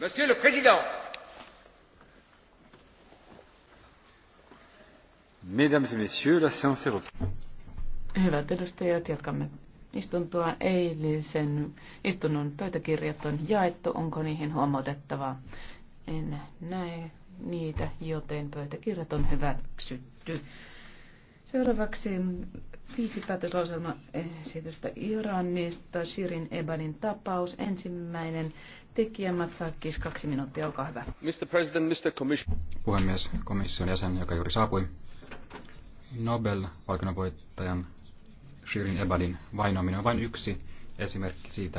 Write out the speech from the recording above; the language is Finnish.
Monsieur le Président, Mesdames et messieurs, la séance est reprise. Hyvät edustajat, jatkamme istuntoa. Eilisen istunnon pöytäkirjat on jaettu. Onko niihin huomautettavaa? En näe niitä, joten pöytäkirjat on hyväksytty. Seuraavaksi viisi esitystä Iranista, Shirin Ebanin tapaus. Ensimmäinen tekijä Matsakis, kaksi minuuttia, olkaa hyvä. Mr. President, Mr. Commission. Puhemies, komission jäsen, joka juuri saapui. Nobel-palkinnonvoittajan Shirin Ebadin vainoaminen on vain yksi esimerkki siitä,